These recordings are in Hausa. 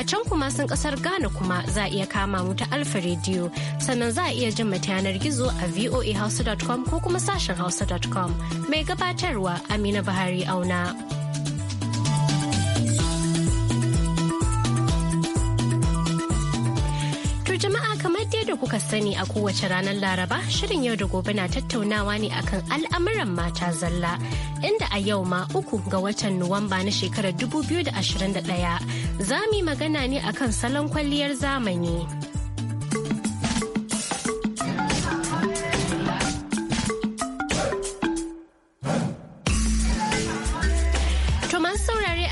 A can kuma sun kasar Ghana kuma za a iya kama mu ta Alfa Radio sannan za a iya jin mata yanar gizo a voahouse.com ko kuma sashen hausa.com. Mai gabatarwa Amina Buhari auna. da kuka sani a kowace ranar Laraba shirin yau da gobe na tattaunawa ne akan al'amuran mata zalla inda a yau ma uku ga watan Nuwamba na shekarar 2021 za mu yi magana ne akan salon kwalliyar zamani.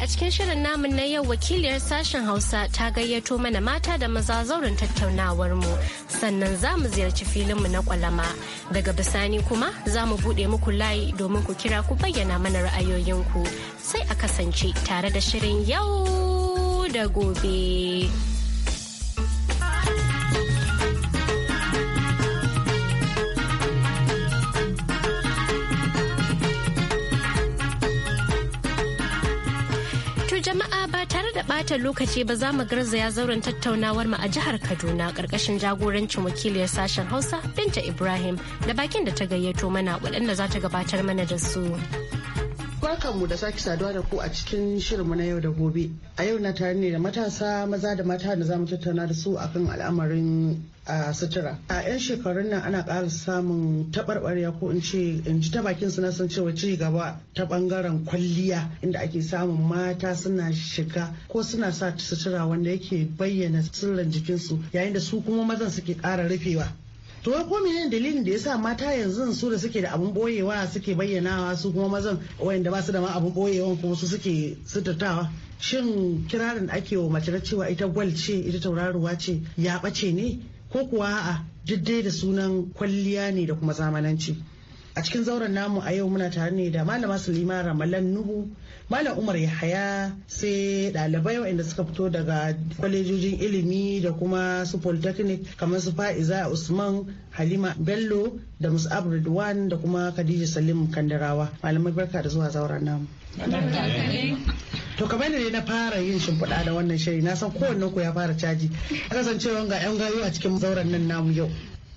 cikin shirin namun na yau wakiliyar sashen hausa ta gayyato mana mata da maza zauren tattaunawar mu sannan za mu ziyarci filinmu na kwalama daga bisani kuma za mu buɗe muku layi domin ku kira ku bayyana mana ra'ayoyinku sai a kasance tare da shirin yau da gobe. bata lokaci ba za mu garzaya zauren tattaunawar mu a jihar Kaduna karkashin jagorancin wakiliyar sashen Hausa Binta Ibrahim da bakin da ta gayyato mana waɗanda za ta gabatar mana da su. Barkanmu da sake saduwa da ku a cikin shirinmu na yau da gobe. A yau na tare ne da matasa maza da mata da zamu tattauna da su akan al'amarin a sutura. A 'yan shekarun nan ana ƙara samun taɓarɓarewa ko in ce in ji ta bakin suna son san cewa ci gaba ta ɓangaren kwalliya inda ake samun mata suna shiga ko suna sa sutura wanda yake bayyana sirrin jikinsu yayin da su kuma mazan suke ƙara rufewa. to ko menene dalilin da yasa mata yanzu su da suke da abun boyewa suke bayyanawa su kuma mazan wayanda ba su da ma abun boyewa kuma su suke sutatawa shin kirarin da ake wa mace cewa ita gwal ce ita tauraruwa ce ya bace ne ko kuwa a'a duk da sunan kwalliya ne da kuma zamananci a cikin zauren namu a yau muna tare ne da malama sulima ramalan nuhu malam umar yahaya sai ɗalibai waɗanda suka fito daga kwalejojin ilimi da kuma su polytechnic kamar su fa'iza usman halima bello da musu ridwan da kuma khadija salim kandarawa malamai barka da zuwa zauren namu to kamar da ne na fara yin shimfiɗa da wannan shiri na san kowanne ku ya fara caji kasancewa ga yan gayu a cikin zauren nan namu yau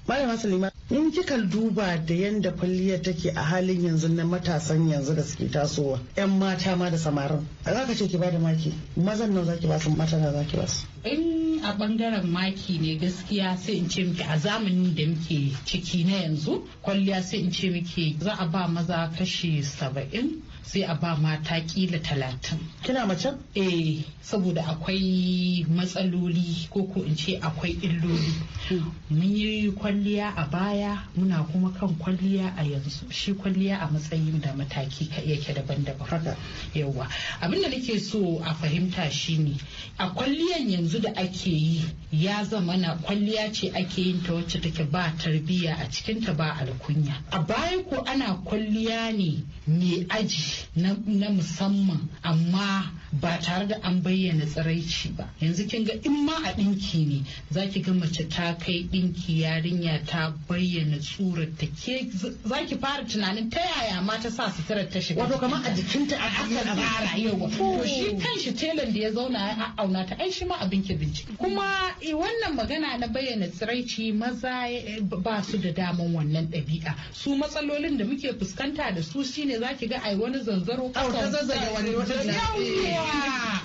malama sulima in kika duba da yadda kwalliya take a halin yanzu na matasan yanzu da suke tasowa yan mata ma da samarin za ka ce ki da maki mazan nan zaki ki basu mata na zaki ki basu in a bangaren maki ne gaskiya sai in ce miki a zamanin da muke ciki na yanzu kwalliya sai in ce miki za a ba maza kashi saba'in sai a ba mata kila talatin. Kina mace? Eh, saboda akwai matsaloli ko ko in ce akwai illoli. Hmm. Mun yi kwalliya a baya baya muna kuma kan kwalliya a yanzu shi kwalliya a matsayin da mataki ka yake daban-daban yauwa abinda nake so a fahimta shine a kwalliyan yanzu da ake yi ya zama na kwalliya ce ake yin ta wacce take ba tarbiyya a cikinta ba alkunya a baya ko ana kwalliya ne mai aji na musamman amma ba tare da an bayyana tsiraici ba yanzu kin ga in ma a dinki ne za ki ga mace ta kai dinki yarinya ta bayyana tsurar ta ke za ki fara tunanin ta yaya ma ta sa suturar ta shiga wato kamar a jikinta a a fara yawa to oh. shi shi telan da ya zauna a auna ta ai shi ma abin ki bincike kuma eh, wannan magana na bayyana tsiraici maza eh, ba su da daman wannan dabi'a su matsalolin da muke fuskanta da su shine za ki ga ai wani zanzaro ƙasa wani wata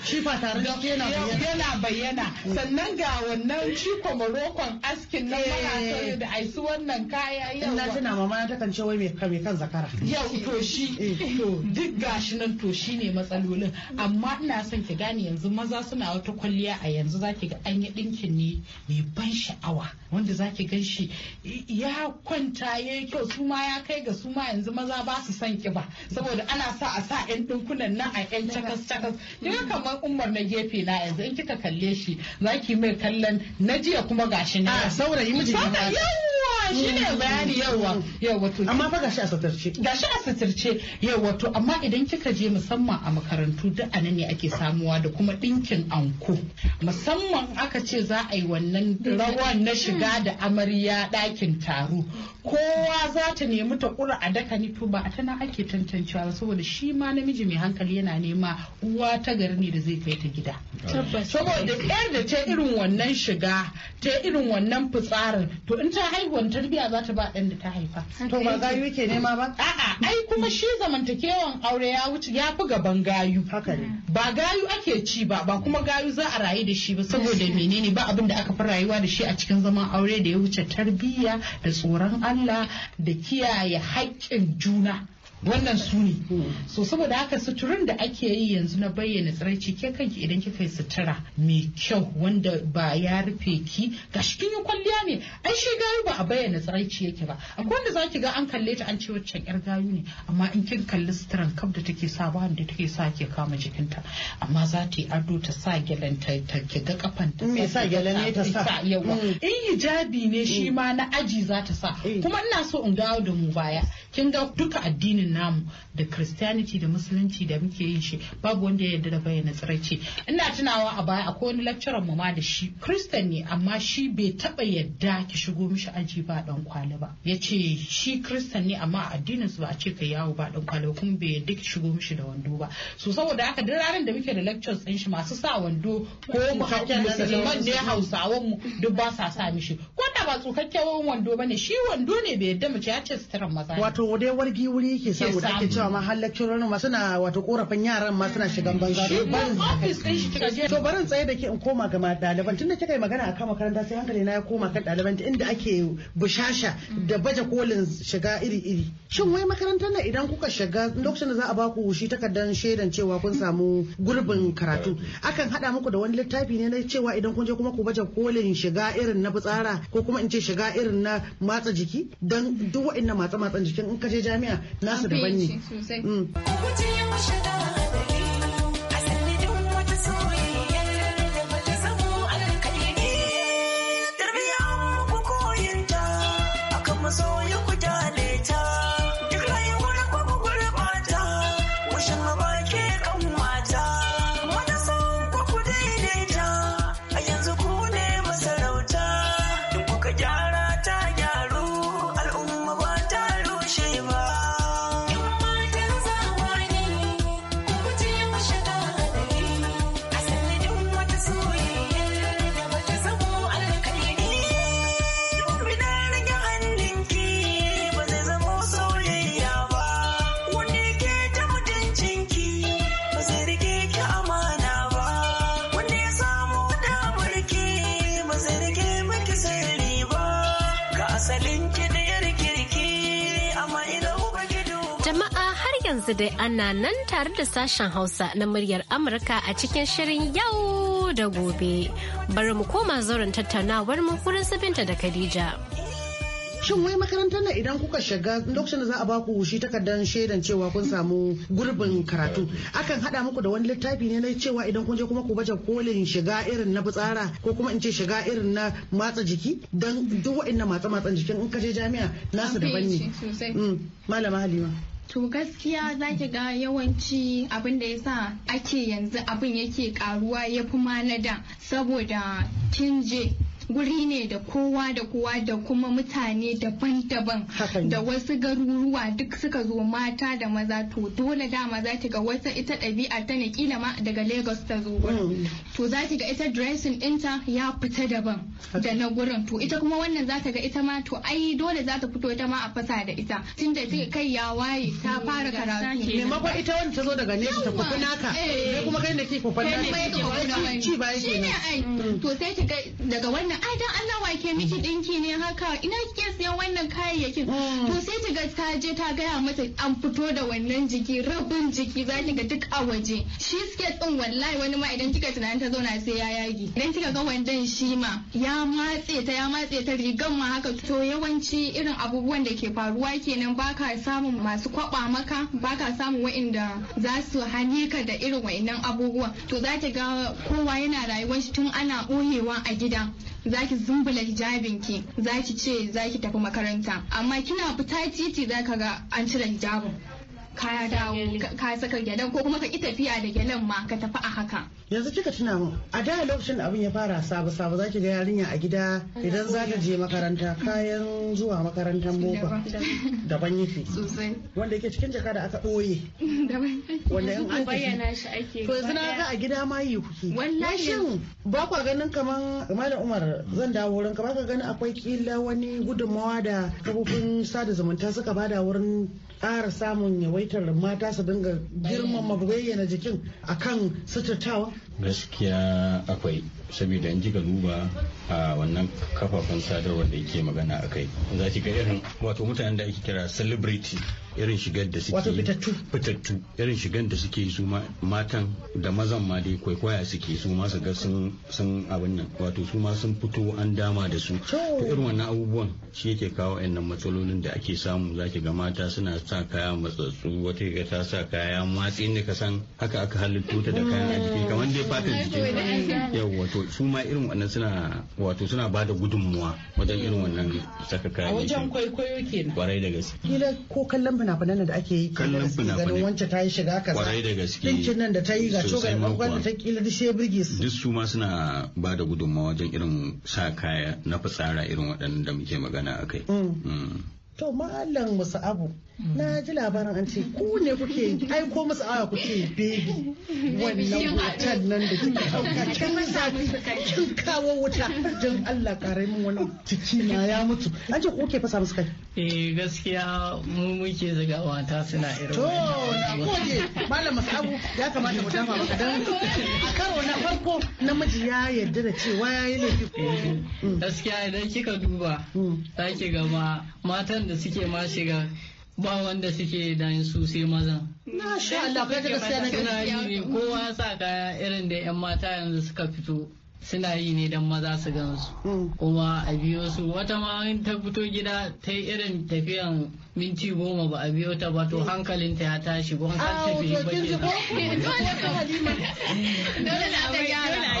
shi fa da yana bayyana yana bayyana sannan ga wannan shi marokon askin nan mana eh. da ai su wannan kaya yau ina tuna mama ta kan ce wai me kan zakara yau to shi eh. to duk gashi nan to ne matsalolin amma ina son ki gane yanzu maza suna wata kwalliya a yanzu zaki ga an yi dinkin ne mai ban sha'awa wanda zaki gan shi ya kwanta ya kyau su ma ya kai ga su ma yanzu maza ba su son kiba saboda ana sa a sa yan dinkunan nan a yan cakas cakas kika kamar umar na gefe na yanzu in kika kalle shi za zaki mai kallon na jiya kuma gashi na ah, saurayi miji ne shi ne mm. bayani yawa yawa to amma gashi a suturce gashi a suturce yawa to amma idan kika je musamman a makarantu duk anan ne ake samuwa da kuma dinkin anko musamman aka ce za a yi wannan rawan na shiga da amarya dakin taro kowa za ta nemi ta kura a daka ni to ba a tana ake tantancewa saboda shi ma namiji mai hankali yana nema uwa ta gari ne da zai kai ta gida saboda ɗayar da ta irin wannan shiga ta irin wannan fitsarin to in ta haihuwan tarbiya za ta ba ɗan da ta haifa to ba gayu ke nema ba a'a ai kuma shi zamantakewan aure ya wuce ya fi gaban gayu Haka ne. ba gayu ake ci ba ba kuma gayu za a rayu da shi ba saboda menene ba abin da aka fi rayuwa da shi a cikin zaman aure da ya wuce tarbiyya da tsoron Allah da kiyaye haƙƙin juna wannan su ne hmm. so saboda haka suturin da ake yi yanzu na bayyana tsiraici ke kanki idan kika yi sutura mai kyau wanda ba ya rufe ki gashi kin yi kwalliya ne ai shi gayu ba a bayyana tsiraici yake ba akwai wanda zaki ga an kalle ta an ce waccan yar gayu ne amma in kin kalli suturan kaf da take sa ba da take sa ke kama jikinta amma za ta yi ado ta sa gyalen ta ta ga kafan ta me sa gyalen ne ta sa yawa hmm. in hijabi ne shi hmm. ma na aji za ta sa kuma ina so in dawo da mu baya kin ga duka addinin namu da christianity da musulunci da muke yin shi babu wanda ya yarda da bayyana tsiraici ina tunawa a baya akwai wani lecturer mu ma da shi christian ne amma shi bai taba yarda ki shigo mishi aji ba dan kwali ba yace shi christian ne amma addinin su ba a ce ka yawo ba dan kwali kuma bai yarda ki shigo mishi da wando ba so saboda haka duk ranar da muke da lectures din shi masu sa wando ko musulman ne hausawan mu duk ba sa sa mishi ko da ba tsukakken wando bane shi wando ne bai yarda mace ya ce suturan maza wato dai wargi wuri yake sa saboda ake cewa ma har lecturerin ma suna wato korafin yaran ma suna shigan banza to bari to in tsaye da ke in koma ga ɗaliban tunda kika yi magana akan makaranta sai hankali na ya koma kan ɗaliban inda ake bushasha da baje kolin shiga iri-iri shin wai makarantar na idan kuka shiga lokacin da za a ba ku shi takardar shaidan cewa kun samu gurbin karatu akan haɗa muku da wani littafi ne na cewa idan kun je kuma ku baje kolin shiga irin na fitsara ko kuma in ce shiga irin na matsa jiki don duk waɗannan matsa-matsan jikin in ka je jami'a na 嗯。yanzu dai ana nan tare da sashen Hausa na muryar Amurka a cikin shirin yau da gobe. Bari mu koma zauren tattaunawar mu wurin sabinta da Khadija. Shin wai makarantar nan idan kuka shiga lokacin da za a baku shi takardar shaidan cewa kun samu gurbin karatu akan hada muku da wani littafi ne na cewa idan kun je kuma ku baje kolin shiga irin na fitsara ko kuma in ce shiga irin na matsa jiki dan duk waɗannan matsa matsan jikin in ka je jami'a nasu daban ne. Mm, Malama Halima. To gaskiya za ki ga yawanci abin da ya sa ake yanzu abin yake karuwa ya fi ma na da saboda kin guri ne da kowa da kowa da kuma mutane daban-daban da wasu garuruwa duk suka zo mata da maza to dole dama za ki ga wata ita ɗabi'a ta na kila ma daga Lagos ta zo mm. to za ki ga ita dressing ɗinta ya fita daban da na gurin to ita kuma wannan za ta ga ita ma to ai dole za ta fito ita ma a fasa da ita tunda kai ya waye ta mm. fara karatu maimakon ita wanda ta zo daga nesa ta kufi naka sai eh. kuma kai da ke kufi naka ci ba yake ne mm. to sai ki ga daga wannan wannan ai dan Allah wake miki dinki ne haka ina kike siyan wannan kayayyakin mm. to sai ta ga ta je ta gaya mata an fito da wannan jiki rabin jiki za ki ga duk a waje shi suke din wallahi wani ma idan kika tunanin ta zauna sai ya yage. idan kika ga wandan shi ma ya matse ta ya matse ta rigan ma haka to yawanci irin abubuwan da ke faruwa kenan baka samun masu kwaba maka baka samun wa'inda za su hane ka da irin wa'innan abubuwan to za ta ga kowa yana rayuwar shi tun ana boyewa a gida zaki zumbula hijabin ki zaki ce zaki tafi makaranta amma kina fita titi zaka ga an cire hijabin ka dawo ka saka gyalan ko kuma ka ki tafiya da gyalan ma ka tafi a haka yanzu kika tuna mun a da lokacin da abin ya fara sabu sabu zaki ga yarinya a gida idan za ta je makaranta kayan zuwa makarantar boba daban yake wanda yake cikin jaka da aka ɓoye wanda in an bayyana shi ake to yanzu na ga a gida ma yi kuke wallahi ba kwa ganin kaman malam Umar zan dawo wurin ka ba ka ganin akwai kila wani gudunmawa da kafofin sada zumunta suka bada wurin ƙara samun yawaitar mata su dinga girmama bayyana jikin akan suturtawa gaskiya akwai saboda in ji ga duba a wannan kafafen sadarwar da yake magana a kai za ki ga irin wato mutanen da ake kira celebrity irin shigar da suke wato fitattu irin shigar da suke su matan da mazan ma dai kwaikwaya suke su ma su ga sun abin nan wato su ma sun fito an dama da su to irin wannan abubuwan shi yake kawo ɗan matsalolin da ake samu za ki ga mata suna sa kaya matsatsu wata ga ta sa kaya matsi ne ka san haka aka halitto ta da kayan a jiki kamar dai fatan jiki yawwa wato su ma irin wannan suna wato suna bada gudunmuwa wajen irin wannan saka kayan a wajen kwaikwayo kenan kwarai da gaske kila ko kallon fina-finan da ake yi kallon fina-finan wancan ta yi shiga kaza kwarai da gaske dinkin nan da ta yi ga coga da bangon da ta kila duk sai burge su duk su ma suna bada gudunmuwa wajen irin sa kaya na fitsara irin waɗannan da muke magana akai mm. mm. to ma'allan musu abu na ji labarin an ce ku ne kuke aiko musu awa kuke bebi wannan hotel nan da take ɗauka kin zafi kin kawo wuta don Allah karai min wannan jiki na ya mutu an ce ku ke fasa musu kai eh gaskiya mu muke zuga wata suna irin to na gode malam Abu ya kamata mu dafa maka dan karo na farko namiji ya yarda da cewa ya yi laifi eh, gaskiya idan kika duba hmm. za ki ga matan da suke ma shiga ba wanda suke dan su sai mazan na sha Allah kai ta gaskiya na kowa sa kaya irin da yan mata yanzu suka fito suna yi ne don maza su gansu hmm. kuma a biyo su wata ma ta fito gida ta yi irin tafiyan minti goma ba a biyo ta ba to hmm. hankalinta ya tashi gon har ta fi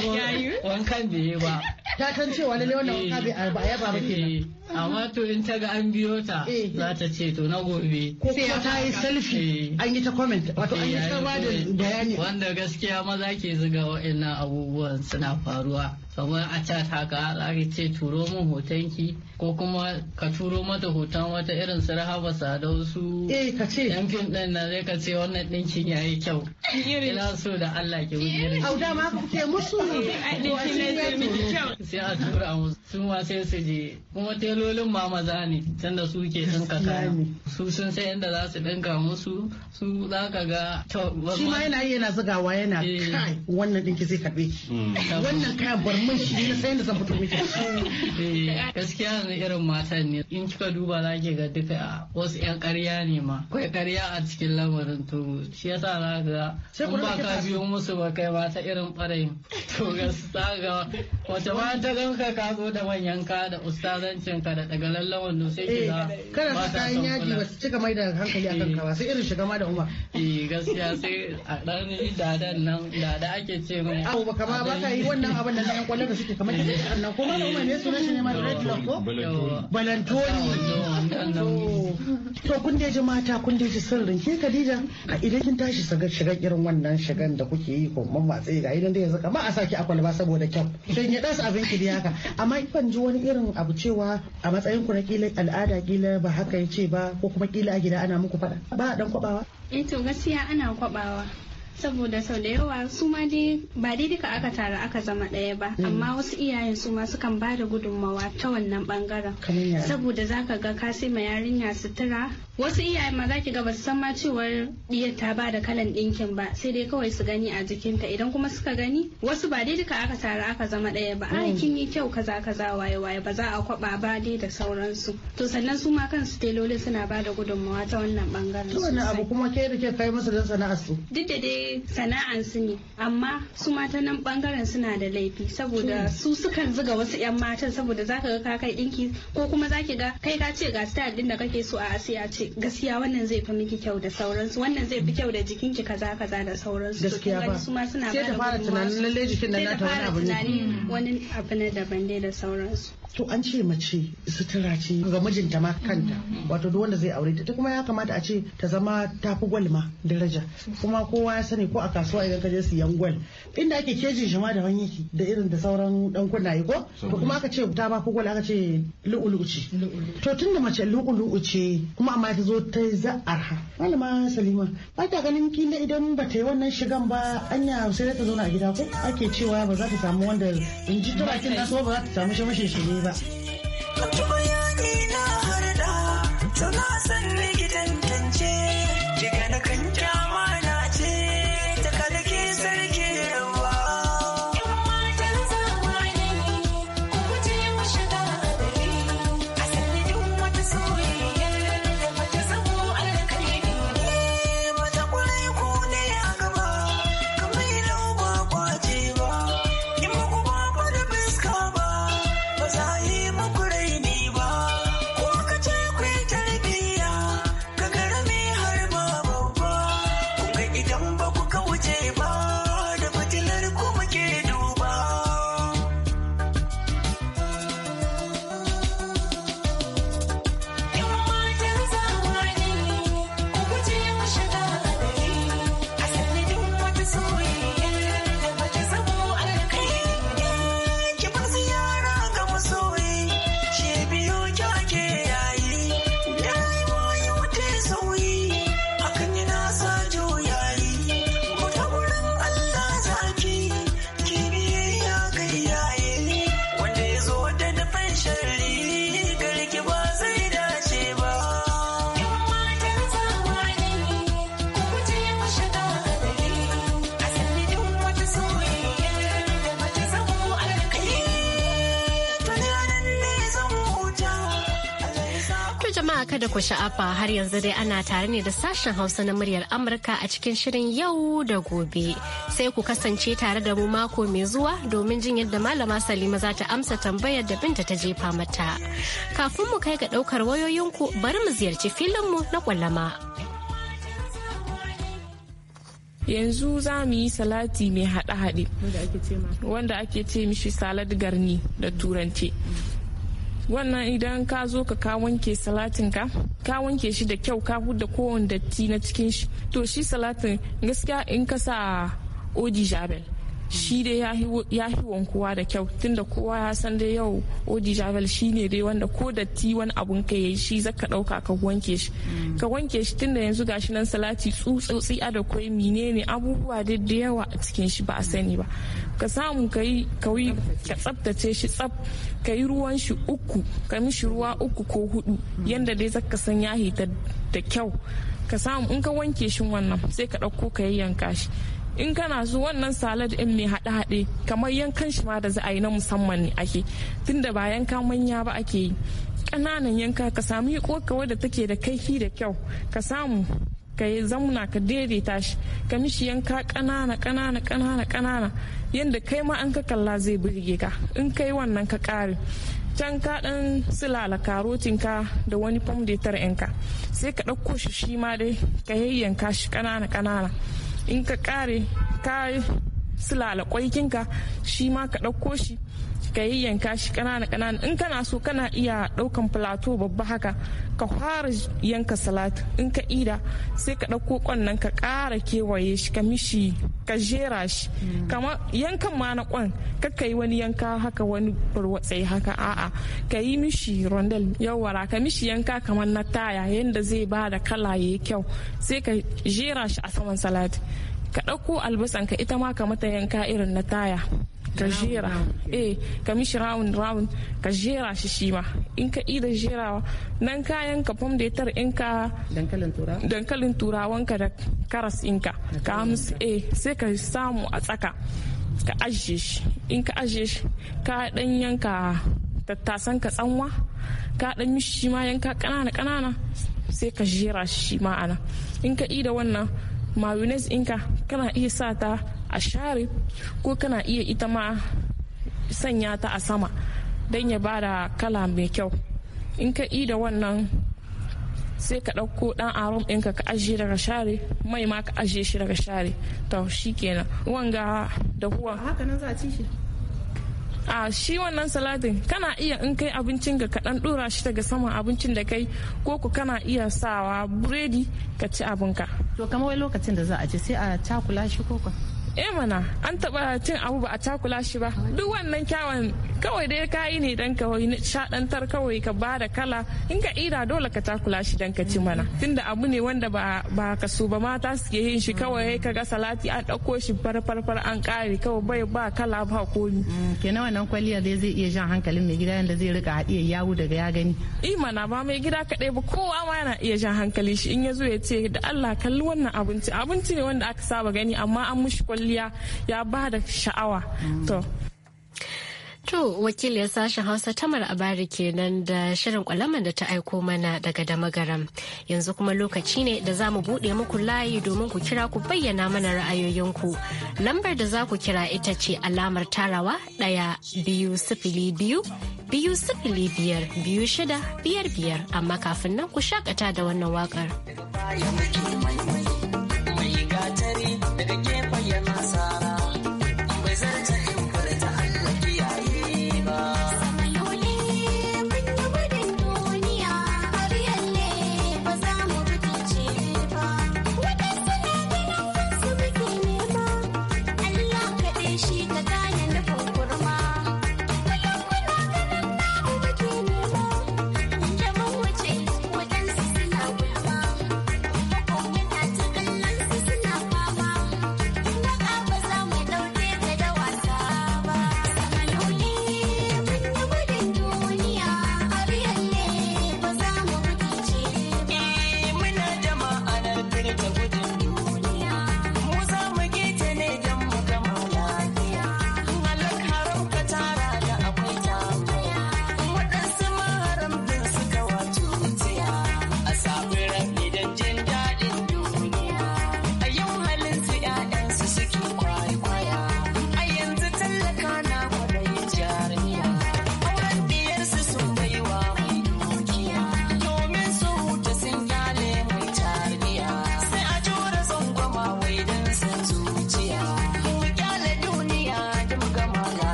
wankan yi ba ta kan cewa lalle wannan wanka ya ba eh, kenan eh. amma to in ta ga an biyo ta eh. za ta ce to na gobe ko kuma ta yi selfie an yi ta comment wato an yi ta da bayani wanda gaskiya maza ke zuga wa'annan abubuwan suna faru ruwa kamar a cat haka za ce turo min hoton ki ko kuma ka turo mata hoton wata irin su rahaba sadau su eh ka ce yan fim din na zai ka ce wannan dinkin yayi kyau ina so da Allah ki wuce irin au ma ku ke musu eh, sai a tura musu su ma sai su je kuma telolin ma maza ne tunda su ke dinka kaya su sun sai inda za su dinka musu su za ka ga shi ma yana yi yana zugawa yana eh. kai wannan dinki zai karbe ki hmm. wannan kayan bar shi ne sai da zan fito miki eh, gaskiya ne irin matan ne in kika duba za ki ga duka ah, wasu yan ƙarya ne ma akwai ƙarya a cikin lamarin to shi yasa za ga in ba ka biyo musu ba kai ba ta irin ɓarayin to gaskiya ga wata ma ta ganka ka zo da manyan ka da ustazancin ka da tagalallen wando sai ki eh, ga kana sa kayan yaji ba su cika mai da hankali a kanka ba sai irin shiga ma da umma eh gaskiya sai a ɗan dadan nan dada ake ce mai abu ba kama ba ka yi wannan abin da na kwallon da suke kamar kiɗin ɗan nan ko ma umar ne red lock ko balantoni to kun da mata kun da ji sirrin ke Khadija a idan kin tashi shiga irin wannan shigan da kuke yi ko mun matsayi ga idan da yanzu kamar a saki akwai ba saboda kyau dan ya dasa abin ki haka amma kan ji wani irin abu cewa a matsayin ku na kila al'ada kila ba haka yace ba ko kuma kila a gida ana muku fada ba dan kwabawa eh to gaskiya ana kwabawa saboda sau da yawa su ma dai ba dai duka aka tara aka zama ɗaya ba hmm. amma wasu iyayen su ma sukan ba da gudunmawa ta wannan bangaren saboda zaka ga ka sai ma yarinya sutura wasu iyayen ma zaki ga basu san ma cewar diyar ta ba da kalan dinkin ba sai dai kawai su gani a jikinta idan kuma suka gani wasu ba dai duka aka tara aka zama daya ba ai mm. kin yi kyau kaza kaza waye waye ba za a kwaba ba dai da sauransu to sannan su ma kansu telolin suna ba da gudunmawa ta wannan bangaren to wannan abu kuma ke da ke kai musu don sana'ar su duk da dai sana'an su ne amma su ma ta nan bangaren suna da laifi saboda mm. su sukan zuga wasu yan matan saboda zaka ga ka kai dinki ko kuma zaki ga kai ka ce ga style ɗin da kake so a asiya ce gaskiya wannan zai fi miki kyau da sauransu wannan zai fi kyau da jikinki kaza kaza da sauransu gaskiya ba su ma suna ba ta fara tunanin lalle jikin nan ta hmm. wani abu ne wani abu ne daban dai da sauransu to an ce mace sutura ce ga mijinta ma kanta hmm, hmm, wato duk wanda zai aure ta kuma ya kamata a ce ta zama ta fi gwal ma daraja kuma kowa ya sani ko a kasuwa idan ka je siyan gwal inda ake kejin shi ma da wani yake da irin da sauran dan kunnaye ko to kuma aka ce ta ba fi gwal aka ce lu'ulu'u ce to tunda mace lu'ulu'u ce kuma amma ta zo ta yi ha. malama salima ba ta ganin kila idan ba ta yi wannan shigan ba anya sai ta zauna a gida ko ake cewa ba za ta samu wanda in ji ta na so ba za ta samu shamashin ne ba. ku sha'afa har yanzu dai ana tare ne da sashen hausa na muryar amurka a cikin shirin yau da gobe sai ku kasance tare da mu mako mai zuwa domin jin yadda malama salima za ta amsa tambayar da binta ta jefa mata kafin mu kai ga daukar wayoyinku bari mu ziyarci filin mu na kwallama yanzu za mu yi salati mai haɗe-haɗe wanda ake ce mishi salad garni da turanci wannan idan ka zo ka ka wanke salatin ka ka wanke shi da kyau ka da kowane datti na cikin shi to shi salatin gaskiya in ka sa oji jabel shi dai ya fi wankuwa da kyau tunda kowa ya san dai yau odi javel shi ne dai wanda ko da ti wani abun ka yi shi zaka dauka ka wanke shi mm. ka wanke shi tunda yanzu gashi nan salati tsutsotsi a da kwai menene abubuwa da yawa a cikin shi ba a sani ba ka samu ka yi ka tsabtace shi tsab ka yi ruwan shi uku ka mishi ruwa uku ko hudu mm. yanda dai zaka san ya hita da kyau ka samu in ka wanke shi wannan sai ka dauko ka yayyanka shi in kana so wannan salad din mai haɗe haɗe kamar yankan shi ma da za a yi na musamman ne ake tunda ba yanka manya ba ake yi ƙananan yanka ka samu yi kokawa da take da kaifi da kyau ka samu ka yi zamuna ka daidaita shi ka mishi yanka ƙanana ƙanana ƙanana ƙanana yadda kai ma an ka kalla zai burge ka in kai wannan ka kare can ka ɗan silala karotin ka da wani fam yanka sai ka ɗauko shi shi ma dai ka yayyanka shi ƙanana ƙanana in ka kare ka sulala kwaikinka shi ma ka ɗauko shi ka yi yanka shi kanana kanana in kana so kana iya daukan plateau babba haka ka fara yanka salat in ka ida sai ka dauko kwannan ka kara kewaye shi ka mishi ka jera shi mm. kamar yankan ma na kwan ka yi wani yanka haka wani burwatsai haka a'a ka yi mishi rondel yawara ka mishi yanka kamar na taya yadda zai ba da kala yayi kyau sai ka jera shi a saman salat ka ɗauko albasan ka ita ma ka mata yanka irin na taya ka jera eh ka mishi raun raun ka jera shi shi ma in ka ida jerawa nan kayan ka fam da tar in ka dankalin turawan ka da karas in ka hamsu eh sai ka samu a tsaka ka ajiye shi in ka ajiye shi ka dan yanka tattasan ka tsanwa ka dan mishi shi ma yanka kanana kanana sai ka jera shi ma ana in ka ida wannan mayonnaise inka kana iya sa ta a share ko kana iya ita ma sanya ta a sama don ya bada kala mai kyau in ka da wannan sai ka ɗauko ɗan aron ɗinka ka ajiye daga share mai ma ka ajiye shi daga share to shi kenan wanga da huwa haka nan za a ci shi a shi wannan salatin kana iya in kai abincin ga kaɗan ɗora shi daga saman abincin da kai ko ku kana iya sawa buredi ka ci abinka to kamar wai lokacin da za a ci sai a cakula shi ko eh mana an taba cin abu ba a takula shi ba duk wannan kyawun kawai dai ka yi ne dan kawai shaɗantar kawai ka ba da kala in ka ira dole ka takula shi dan ka ci mana tunda abu ne wanda ba ka so ba mata suke yin shi kawai ka ga salati an ɗauko shi farfarfar an ƙare kawai bai ba kala ba komi. Mm, kenan wannan kwaliya dai zai iya jan hankalin mai gida yadda zai rika haɗiya yawo daga ya gani. imana eh ba mai gida kaɗai ba kowa ma yana iya jan hankali shi in ya zo ya ce da Allah kalli wannan abinci abinci ne wanda aka saba gani amma an mushi kwalliya ya ba da sha'awa. Mm. to To wakiliyar sashen Hausa Tamar Abari kenan da shirin kwalaman da ta aiko mana daga damagaram. Yanzu kuma lokaci ne da za mu buɗe muku layi domin ku kira ku bayyana mana ra'ayoyinku. Lambar da za ku kira ita ce alamar tarawa ɗaya biyu sifili biyu biyu sifili biyar biyu shida biyar biyar amma kafin nan ku shakata da wannan waƙar.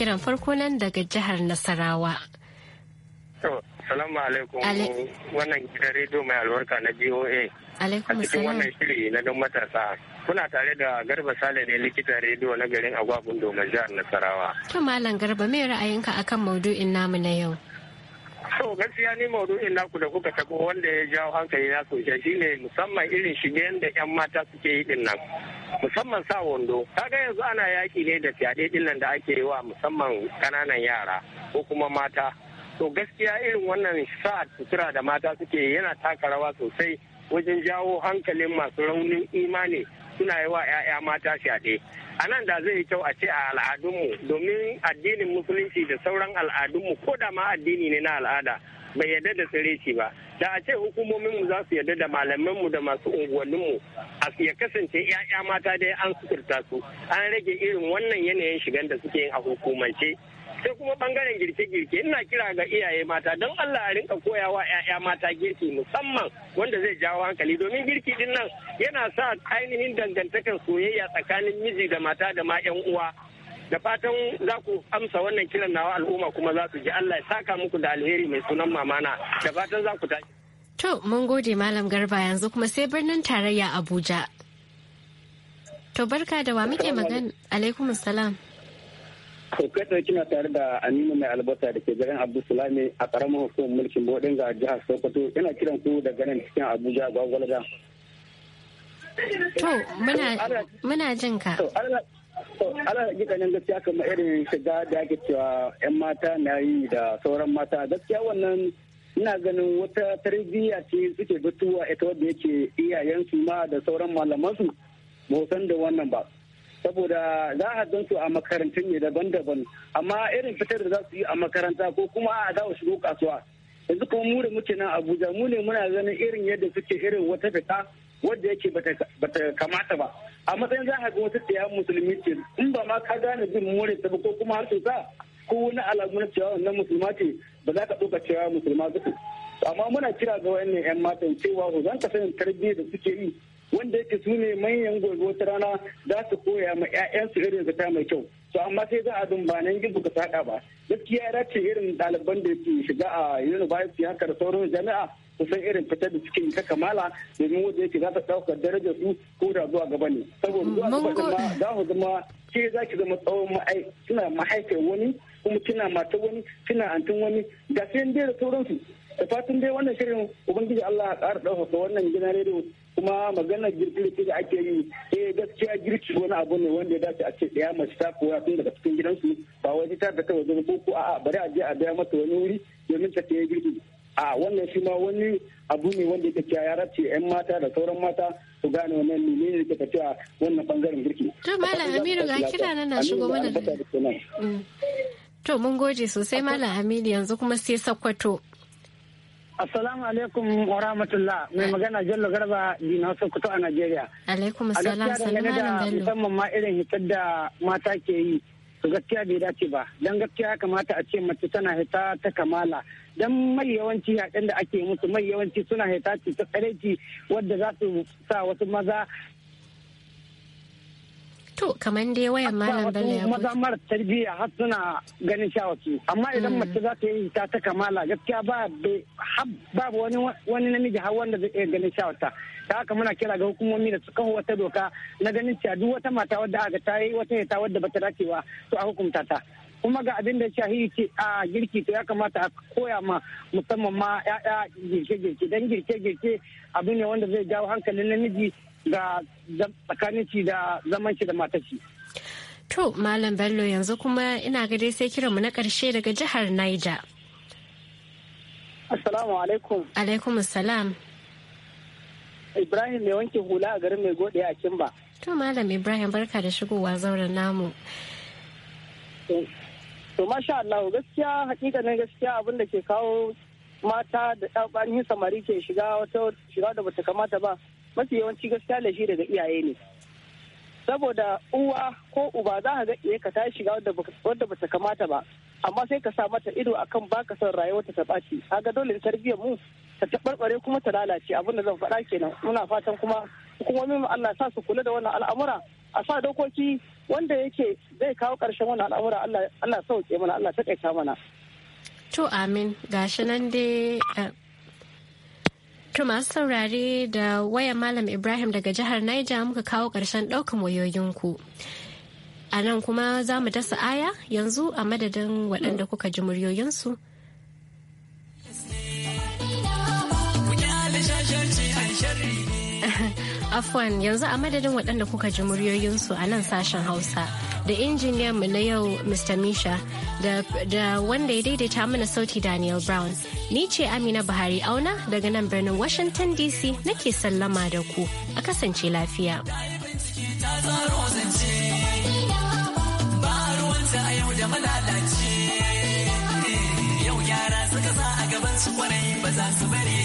kiran farko nan daga jihar Nasarawa. Salamu alaikum wannan gidan rediyo mai albarka na BOA. Alaikum A cikin wannan shiri na don matasa. Kuna tare da Garba Sale ne likitan rediyo na garin Agwagun Doma jihar Nasarawa. To Malam Garba me ra'ayinka akan maudu'in namu na yau? To gaskiya ni maudu'in naku da kuka tabo wanda ya jawo hankali na sosai shine musamman irin shige da 'yan mata suke yi din nan. Musamman sa wando. Kaga yanzu ana yaki ne da fyaɗe din nan da ake yi wa musamman kananan yara ko kuma mata. To gaskiya irin wannan sa sutura da mata suke yana taka rawa sosai wajen jawo hankalin masu raunin imani suna yi wa 'ya'ya mata fyaɗe. a nan da zai yi kyau a ce a al'adunmu domin addinin musulunci da sauran al'adunmu ko da ma addini ne na al'ada bai yarda da shi ba da a ce hukumominmu za su yarda da malamanmu da masu unguwanninmu a ya kasance 'ya'ya mata dai an sukurta su an rage irin wannan yanayin shigan da suke yin a hukumance sai kuma bangaren girke-girke ina kira ga iyaye mata don Allah a rinka koyawa 'ya'ya mata girki musamman wanda zai jawo hankali domin girki din nan yana sa ainihin dangantakar soyayya tsakanin miji da mata da ma 'yan uwa da fatan za ku amsa wannan kiran nawa al'umma kuma za su ji Allah ya saka muku da alheri mai sunan mamana da fatan za ku tashi. To mun gode malam garba yanzu kuma sai birnin tarayya Abuja. To barka da wa muke magana alaikum salam. To kai kina tare da Aminu mai albasa da ke garin Abdulsalami a karamar hukumar mulkin Bodin ga jihar Sokoto yana kiran ku da garin cikin Abuja gwagwalga. To muna jin ka. ala nan gaskiya kamar irin shiga da ake cewa 'yan mata na yi da sauran mata gaskiya wannan ina ganin wata tarbiyya ce suke batuwa ita wadda yake iyayensu ma da sauran malamansu ba san da wannan ba saboda za a su a makarantun ne daban-daban amma irin fitar da za su yi a makaranta ko kuma a dawo shigo kasuwa yanzu kuma mu da muke nan abuja mu ne muna ganin irin yadda suke irin wata fita wadda yake bata kamata ba a matsayin za a ga wata tsaya musulmi ce in ba ma ka gane bin more ta ba ko kuma har sa ko wani alamu na cewa wannan musulma ce ba za ka ɗauka cewa musulma suke amma muna kira ga wannan 'yan matan cewa su zan ka sanin tarbiyyar da suke yi wanda yake su ne manyan gobe wata rana za su koya ma 'ya'yansu irin zata mai kyau to amma sai za a dumba banan gizo ka saka ba gaskiya ya dace irin ɗaliban da ke shiga a university haka da sauran jami'a kusan irin fita da cikin ta kamala domin wanda yake za ta ɗaukar darajar su ko da zuwa gaba ne saboda zuwa gaba za ku zama ke za ki zama tsawon ma'ai suna mahaifiyar wani kuma kina mata wani kina antin wani ga sai da sauransu da fatan dai wannan shirin ubangiji Allah ya ƙara ɗaukaka wannan gidan rediyo kuma maganar girki da ake yi eh gaskiya girki wani abu ne wanda ya dace a ce ɗaya mace ta koya tun daga cikin gidansu ba wai ta da ta waje ko ko a'a bari a je a biya mata wani wuri domin ta tayi girki a wannan shi ma wani abu ne wanda yake cewa ya race yan mata da sauran mata su gane wannan ne ne ke tafiya wannan bangaren girki to malam Aminu ga kira nan na shigo mana mm. to mun gode sosai malam Aminu yanzu kuma sai sakwato Assalamu alaikum wa rahmatullah mai magana Jallo Garba Dina Sokoto a Najeriya. Alaikum salam salamu da musamman ma irin hitar da mata ke yi to gaskiya bai dace ba dan gaskiya ya kamata a ce mace tana hita ta kamala dan mai yawanci yaɗin da ake musu mai yawanci suna hita ce ta tsareci wadda za su sa wasu maza To kamar dai wayan malam Bello ya maza mara tarbiyya har suna ganin shawaki amma idan mm. mace za ta yi ta ta kamala gaskiya ba ba wani wani namiji har wanda zai ganin cewa ta haka muna kira ga hukumomi da su kawo wata doka na ganin cewa duk wata mata wadda aka ta yi wata ta wadda bata dace ba to a hukunta ta kuma ga abin da shahi ce a girki to ya kamata a koya ma musamman ma ya'ya girke-girke don girke-girke abu ne wanda zai jawo hankalin namiji da tsakanin ci da zaman shi da matashi. To Malam Bello yanzu kuma ina ga dai sai kiranmu na ƙarshe daga jihar Niger. Assalamu alaikum. Alaikum salam. Ibrahim mai wanke hula a garin mai gode a Kimba. To Malam Ibrahim barka da shigowa zauren namu. To masha Allah gaskiya hakikanin gaskiya abin da ke kawo mata da ɗan samari ke shiga wata shiga da bata kamata ba mafi yawanci gaskiya shi daga iyaye ne saboda uwa ko uba za ka ga iya ka ta shiga wadda bata kamata ba amma sai ka sa mata ido akan baka son rayuwarta ta ɓaci kaga dole tarbiyyar mu ta tabarbare kuma ta lalace abin da zan faɗa kenan muna fatan kuma hukumomin mu Allah sa su kula da wannan al'amura a sa dokoki wanda yake zai kawo ƙarshen wannan al'amura Allah Allah sauke mana Allah ta kaita mana to amin gashi nan dai eh, To masu saurare da waya Malam Ibrahim daga jihar Niger muka kawo ƙarshen ɗaukan wayoyinku. A nan kuma za mu dasa aya yanzu a madadin waɗanda kuka ji muryoyinsu. Afwan yanzu a madadin waɗanda kuka ji muryoyinsu a nan sashen Hausa. da injiniyan mu na yau Mr. Misha da, wanda ya daidaita mana sauti Daniel Brown. Ni ce Amina Buhari auna daga nan birnin Washington DC nake sallama da ku a kasance lafiya. Yau yara suka a gaban kwarai ba za su bari